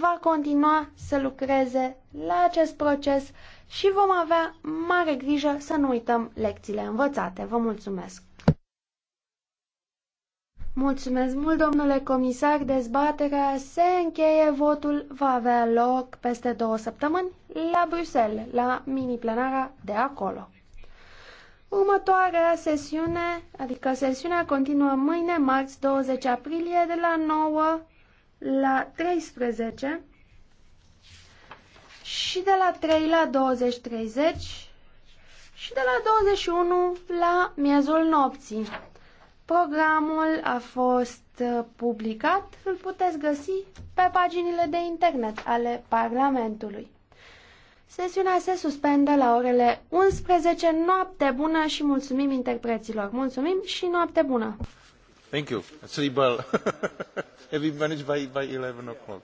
va continua să lucreze la acest proces și vom avea mare grijă să nu uităm lecțiile învățate. Vă mulțumesc! Mulțumesc mult, domnule comisar. Dezbaterea se încheie. Votul va avea loc peste două săptămâni la Bruxelles, la mini-plenara de acolo. Următoarea sesiune, adică sesiunea continuă mâine, marți 20 aprilie, de la 9 la 13 și de la 3 la 20 30 și de la 21 la miezul nopții. Programul a fost uh, publicat, îl puteți găsi pe paginile de internet ale Parlamentului. Sesiunea se suspendă la orele 11, noapte bună și mulțumim interpreților. Mulțumim și noapte bună! Thank you. Three bell. Have you managed by, by 11 o'clock?